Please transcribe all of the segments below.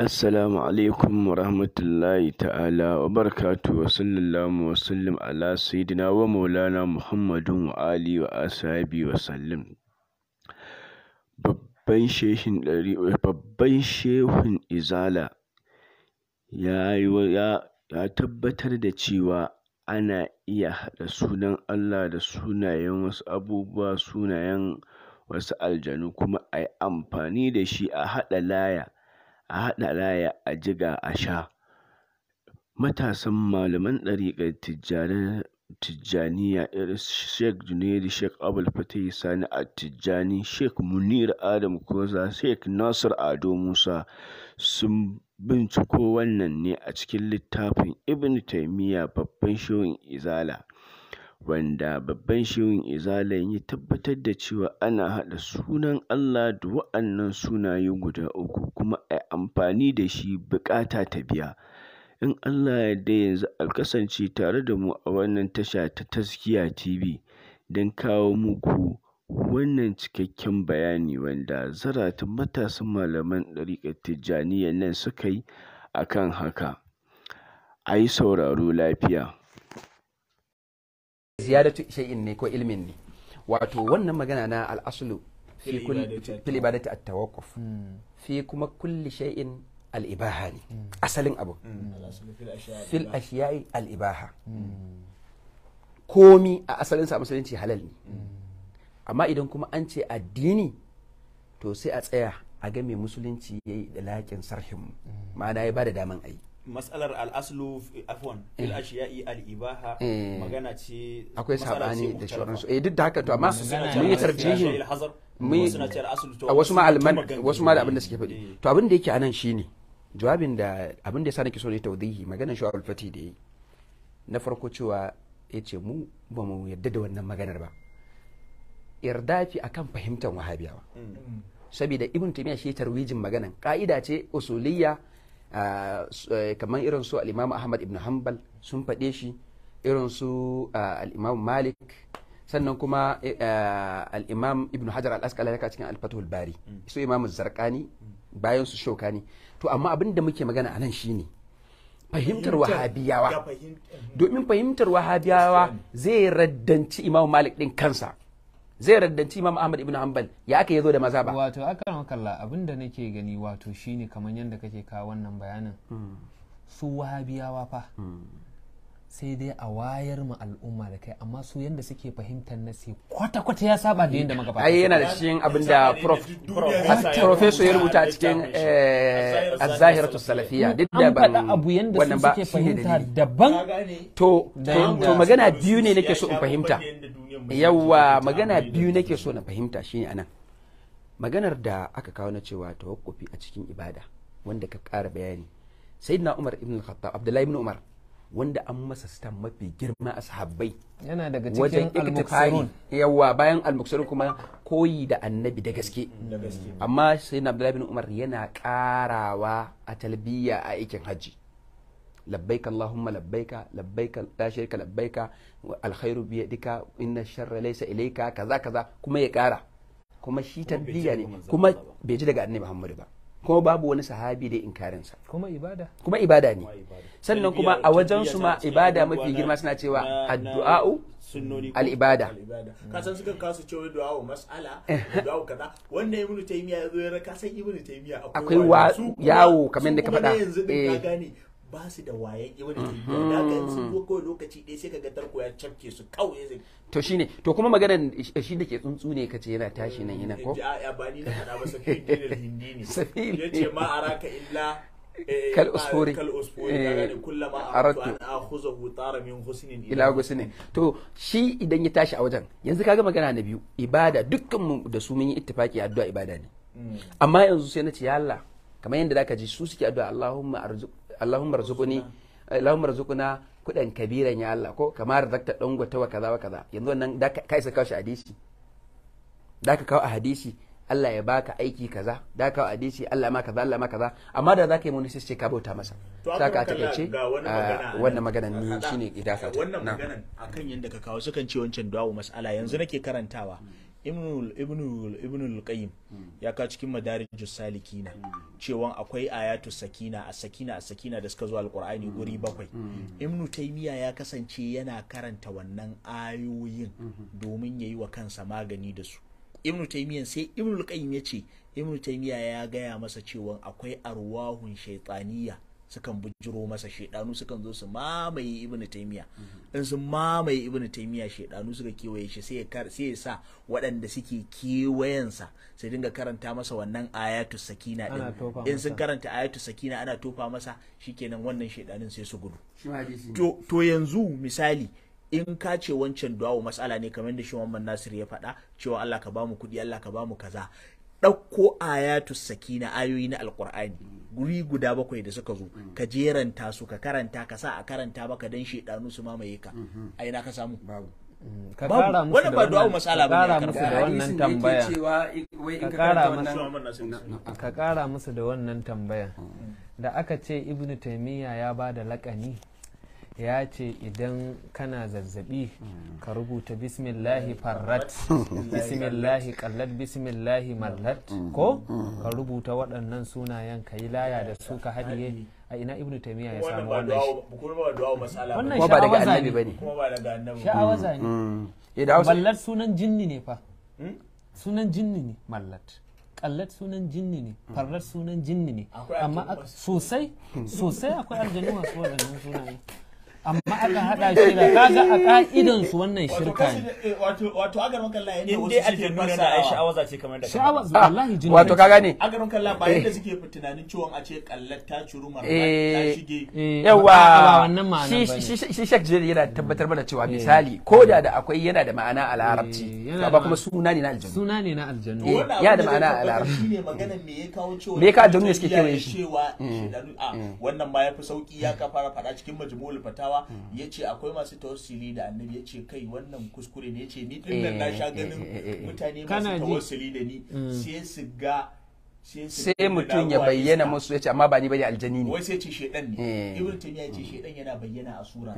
Assalamu alaikum wa rahmatullahi ta'ala wa barakatu wa sallallahu wa sallim ala sayyidina wa maulana Muhammadun wa ali wa ashabi wa sallim. Babban shehin ɗari babban shehun Izala ya ya ya tabbatar da cewa ana iya haɗa sunan Allah da sunayen wasu abubuwa sunayen wasu aljanu kuma ayi amfani da shi a haɗa laya a haɗa raya a jiga a sha. Matasan malaman ɗariƙar Tijjaniya irin Sheikh junairu Sheikh Abul Fatahi Sani a tijjani Sheikh Munir Adam Koza, Sheikh Nasir Ado Musa sun binciko wannan ne a cikin littafin Ibn Taymiya Babban shirin Izala. wanda babban shirin izala ya tabbatar da cewa ana haɗa sunan Allah da wa'annan sunaye guda uku kuma a yi amfani da shi buƙata ta biya. In Allah ya yarda yanzu a kasance tare da mu a wannan tasha ta Taskiya TV don kawo muku wannan cikakken bayani wanda zaratan matasan malaman ɗariƙar tijjaniya nan suka yi a kan haka. A yi sauraro lafiya. ziyaratu shay'in ne ko ilmin ne wato wannan magana na al'aslu kulli ibadati at tawakkuf hmm. fi kuma kulli shay'in al ibaha ne hmm. asalin abu hmm. fil ashiya'i al ibaha komi a asalin sa musulunci halal ne amma idan kuma an ce addini to sai a tsaya a ga mai musulunci yayi da lakin sarhin ma'ana ya ba da daman ayi matsalar al'aslu afon fil eh. ashiya'i al-ibaha eh. magana ce akwai sabani da shauransu eh duk da haka to amma mun yi tarjihi mun ce al'aslu to wasu ma alman wasu ma da abin da suke faɗi eh. to abin da yake anan shine jawabin da abin da yasa nake so ne tawdihi maganar shu'ab al-fati da yi na farko cewa yace mu ba mu yadda da wannan maganar ba irdafi akan fahimtar wahabiyawa mm. Mm. saboda ibn taymiya shi tarwijin maganan ka'ida ce usuliyya Ah, eh, kamar irin su al'imamu ahmad ibn hanbal sun faɗe shi irin su ah, al'imamu malik sannan kuma eh, ah, al'imam ibn hajar alaskala ya cikin alfatul bari mm. su imamu zarkani bayan su shokani to amma abin da muke magana anan nan ne. fahimtar wahabiyawa eh. domin fahimtar wahabiyawa zai raddanci imamu malik din kansa zai raddanci imam ahmad ibn hanbal ya aka yazo da maza ba wato akan kalla abin da nake gani wato shine kamar yadda kake kawo wannan bayanin hmm. su wahabiyawa fa hmm. sai dai a wayar mu al'umma da kai amma su yanda suke fahimtar sai kwata-kwata ya saba da yanda magabata ai yana da cikin abin da prof ya rubuta cikin eh, az-zahiratu salafiya. duk da ban abu yanda su suke fahimta daban to to magana biyu ne nake so in fahimta yawa magana biyu nake so na fahimta shine anan maganar da aka kawo na cewa tawakkufi a cikin ibada wanda ka ƙara bayani sayyidina Umar ibn al-Khattab Abdullahi ibn Umar wanda an masa stan mafi girma a sahabbai yana daga cikin al yawa bayan al kuma koyi da annabi da gaske amma sayyidina abdullahi bin umar yana karawa a talbiya a aikin haji labbaik allahumma labbaika labbaik la sharika labbaika alkhairu bi yadika inna sharra laysa ilayka kaza kaza kuma ya kara kuma shi talbiya ne kuma bai ji daga annabi muhammadu ba ko babu wani sahabi da inkarinsa kuma ibada kuma ibada ne sannan kuma a wajen su ma ibada mafi girma suna cewa addu'a'u al ibada ka san suka kasu cewa du'a'u mas'ala eh. du'a'u kaza wanda ibnu taymiya yazo ya raka san ibnu taymiya akwai wasu yawo kamar da ka faɗa yanzu din ka eh. gane ba su da wayan yi wani tafiya da ka sun zo kawai lokaci ɗaya sai ka ga tarko ya cafke su kawai zai to shine to kuma maganar shi da ke tsuntsu ne ka ce yana tashi nan yana ko eh, ya ba ni na faɗa masa safi ne hindi ne ya ce yace ma araka illa eh, kal usfuri kal usfuri eh, ma a aratu an akhuzahu tara min husnin ila husnin to shi idan ya tashi a wajen yanzu kaga magana na biyu ibada dukkan mu da su mun yi ittifaki addu'a ibada ne hmm. amma yanzu sai na ce ya Allah kamar yadda ka ji su suke addu'a Allahumma arzuq Allahumma rzuqni Allahumma rzuqna kudan kabiran ya Allah ko kamar zakta dangwata wa kaza wa kaza yanzu wannan da ka isa kawo shi hadisi da ka kawo a hadisi Allah ya baka aiki kaza da ka kawo hadisi Allah ma kaza Allah ma kaza amma da zaka yi mun sai ka bauta masa saka ah, a takeice wannan maganan ni shine idafa wannan maganan akan yanda ka kawo sukan ce wancan du'a mas'ala yanzu nake karantawa hmm. ibnul hmm. ya ka cikin madarijus salikina hmm. cewan akwai ayatu sakina a sakina a sakina da suka zo alqur'ani hmm. guri bakwai ibnu taymiya ya kasance yana karanta wannan ayoyin domin yayi wa kansa magani da su ibnu taymiyan sai ibnul qayyim ya ce ibnu taymiya ya gaya masa cewa akwai arwahun shaytaniya sukan bujiro masa shedanu sukan zo su mamaye ibnu taymiya in su mamaye ibnu taymiya shedanu suka kewaye shi sai ya sa waɗanda suke kewayensa su dinga karanta masa wannan ayatu sakina din in sun karanta ayatu sakina ana tofa masa shikenan wannan shedanin sai su gudu to yanzu misali in ka ce wancan duwawo matsala ne kamar da shi Muhammad Nasir ya faɗa cewa Allah ka bamu kuɗi Allah ka bamu kaza ɗauko ayatu sakina ayoyi na alƙur'ani guri guda bakwai da suka zo mm-hmm. ka jeranta su ka karanta ka sa a karanta baka dan shedanu su mamaye ka mm-hmm. a na ka samu babu ka kara musu da wannan masala ba kara musu da wannan tambaya ka kara musu ka kara musu da wannan tambaya mm. da aka ce ibnu taymiya ya ba da lakani ya ce idan kana zazzabi hmm. ka rubuta bismillahi farrat bismillahi kallat bismillahi mallat hmm. ko hmm. ka rubuta waɗannan sunayen ka yi laya da su ka haɗiye a ina ibnu taimiyya ya samu wannan wannan ba daga annabi bane sha'awa zani mallat sunan jinni ne fa sunan jinni ne mallat kallat sunan jinni ne farrat sunan jinni ne amma sosai sosai akwai aljanu masu waɗannan sunayen amma aka hada shi da kaga a ka'idan su wannan shirka ne eh, wato wato agaron yayin da wasu aljannu nuna da ai sha'awa ce kamar da sha'awa wallahi jinna wato kaga ne agaron kalla ba yadda eh. suke tunanin ciwon a ce kallar ta curu marma ta eh, shige yawa wannan ma'ana shi shi shek jiri yana tabbatar mana cewa misali ko da da akwai yana da ma'ana a larabci ba kuma suna ne na aljannu suna ne na aljannu yana da ma'ana a larabci ne magana me ya kawo ciwon me ya kawo ne suke kewaye shi cewa mm. ah, mm. wannan ma fi sauki ya ka fara fada cikin majmu'ul fatawa annabawa ya ce akwai masu tawassuli da annabi ya ce kai wannan kuskure ne ya ce ni din nan na eh, sha eh, ganin eh, mutane masu tawassuli da ni mm. sai su ga sai mutum ya bayyana musu ya ce amma ba ni bane aljani ne wai sai ce shedan ne ibn taymiya ya ce shedan yana bayyana a sura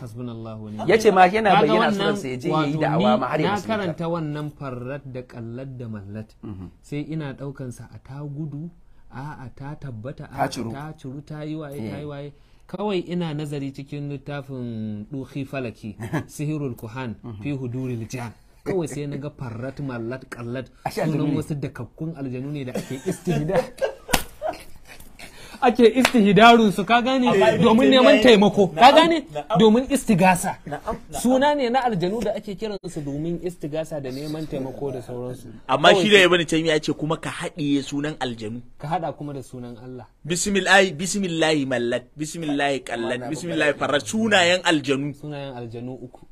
hasbunallahu ne yace ma yana bayyana a suran sa yaje yayi da ma har ya karanta wannan farrat da kallat da mallat mm-hmm. sai ina daukan sa a ta gudu a'a ta tabbata a ta ciru ta yi waye ta yi waye kawai ina nazari cikin littafin duhi falaki sihirul kuhan mhm. fi huduril jan kawai sai na ga farrat mallat kallat sunan wasu dakakkun aljanu ne da ake istihda ake istihdarun su ka gane domin neman taimako ka gane domin istigasa suna ne na aljanu da ake kiransu domin istigasa da neman taimako da sauransu amma shi da can ya ce kuma ka haɗiye sunan aljanu ka haɗa kuma da sunan Allah bismillahi bismillahi mallat bismillahi kallat bismillahi farar sunayen aljanu sunayen aljanu uku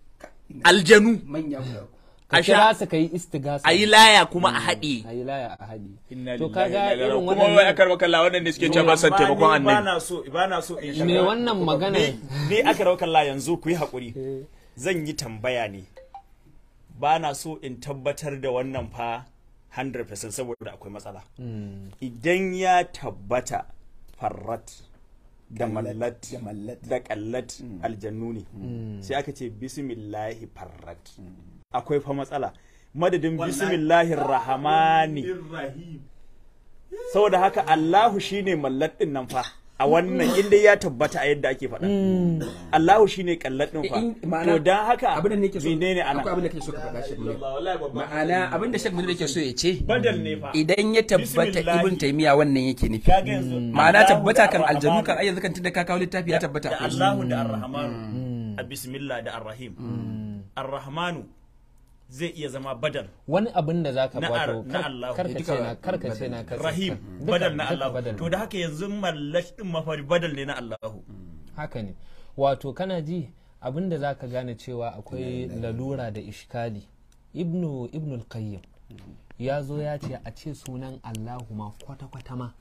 aljanu manya a kira su kai istigasa ayi laya kuma a hmm, haɗe ayi laya a haɗe to kaga irin wannan kuma wai akar makalla wannan ne suke cewa ba san taimakon annabi ba na so ba na so in me wannan magana aka akar kalla yanzu ku yi hakuri eh. zan yi tambaya ne ba na so in tabbatar da wannan fa 100% saboda akwai matsala hmm. idan ya tabbata farrat da mallat da kallat hmm. aljannu ne sai aka ce bismillahi farrat akwai fa matsala madadin bismillahir rahmani saboda haka Allahu shine mallat din nan fa a wannan hmm. inda ya tabbata a yadda ake faɗa hmm. Allahu shine kallat din fa to dan haka abin da nake so ne ana abin da kake so ka faɗa shi ne. ma'ana abin da Sheikh Munir yake so ya ce badal ne fa idan ya tabbata Ibn taymiya wannan yake nufi hmm. ma'ana tabbata kan aljanu kan ayyanzu kan tunda ka kawo littafi ya tabbata Allahu da arrahmanu bismillah da arrahim. arrahmanu zai iya zama badal wani abin da zaka wato na karkace na karkace na karkace rahim badal na Allah to da haka yanzu mallash din mafari badal ne na Allah haka ne wato kana ji abin da zaka gane cewa akwai lalura da ishkali ibnu ibnul qayyim ya zo ya ce a ce sunan Allahu ma kwata-kwata ma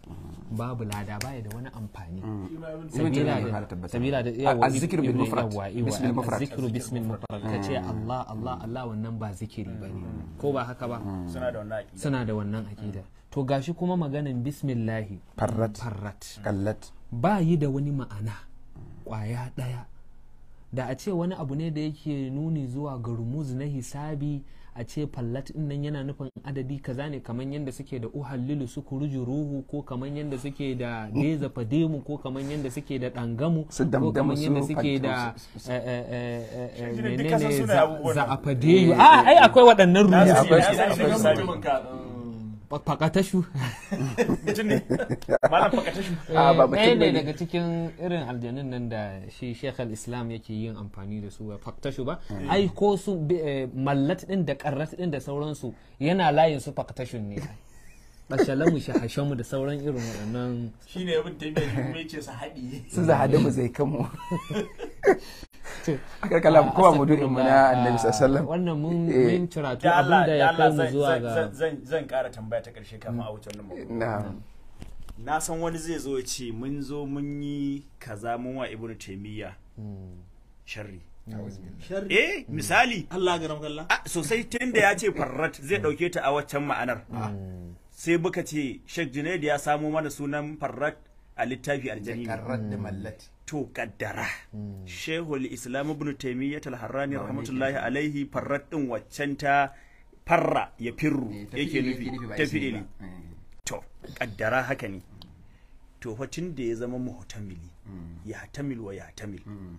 babu lada baya da wani amfani mm. sabila da yawa mufrad bismil mufrad mufrad ka ce mm. Allah Allah Allah wannan ba zikiri ba ne mm. ko ba haka ba suna da wannan akida to gashi kuma maganin bismillahi farrat farrat kallat ba yi da wani ma'ana kwaya daya da a ce wani abu ne da yake nuni zuwa ga rumuz na hisabi a ce fallat din nan yana nufin adadi kaza ne kamar yadda suke da uhallilu su kuruju ruhu ko kamar yadda suke da deza fademu ko kamar yadda suke da dangamu ko kamar yadda suke da eh, eh, eh, menene za a a ah, ai akwai waɗannan ruhu fakatashu ne malam fakatashu a ah, ba mutum eh, ne daga cikin irin aljanun nan da shi islam yake yin amfani da su fakatashu ba hmm. ai ko su eh, mallat din da karrat ɗin da sauransu yana layin su fakatashun ne mu shi hashen mu da sauran irin waɗannan shi ne abin taimiyar shi kuma ce su haɗi su za haɗe mu zai kamo a karkala mu kowa mudu mu na annabi sallallahu wannan mun yin turatu eh. abin da ya kai mu zuwa ga zan ƙara tambaya ta karshe kafin a wuce wannan na san wani zai zo ce mun zo mun yi kaza mun wa ibnu taymiya sharri eh misali Allah ga ramkalla ah, sosai da ya ce farrat zai dauke ta a waccan ma'anar hmm. sai buka ce Sheikh Junaid ya samo mana sunan Farrat a littafi aljani to kaddara hmm. Shehul Islam Ibn Taymiyyah al-Harrani rahmatullahi alaihi Farrat ɗin waccan ta farra ya firru eh, yake nufi tafi ne eh. to kaddara haka ne to hotun da ya zama muhtamili hmm. ya tamil wa ya tamil hmm.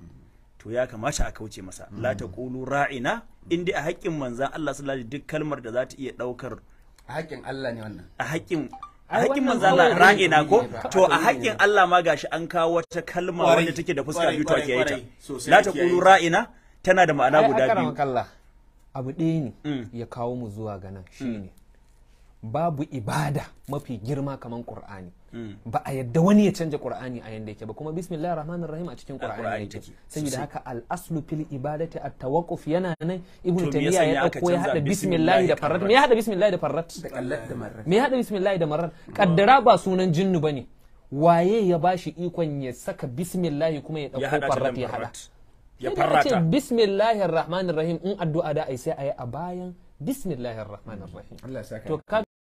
to ya kamata a kauce masa la ƙulu ra'ina in a haƙƙin manzan Allah sallallahu alaihi duk kalmar da za ta iya ɗaukar a haƙƙin Allah ne wannan a haƙƙin a haƙƙin manzo Allah na ko to a haƙƙin Allah ma gashi an kawo wata kalma wanda take da fuska biyu to yi ta la taqulu ra'ina tana da ma'ana guda biyu abu ɗaya ne mm. ya kawo mu zuwa ga nan shine mm. babu ibada mafi girma kaman Qur'ani ba a yadda wani ya canja qur'ani a yanda yake ba kuma bismillahir rahmanir rahim a cikin qur'ani yake saboda haka al aslu fil ibadati at tawaqquf yana nan ibnu taymiya ya dauko ya hada bismillah da farrat me ya hada bismillah da farrat me ya hada bismillah da marrat kaddara ba sunan jinnu bane waye ya bashi ikon ya saka bismillah kuma ya dauko farrat ya hada ya farrata bismillahir rahmanir rahim in addu'a da ai sai ayi a bayan bismillahir rahmanir rahim to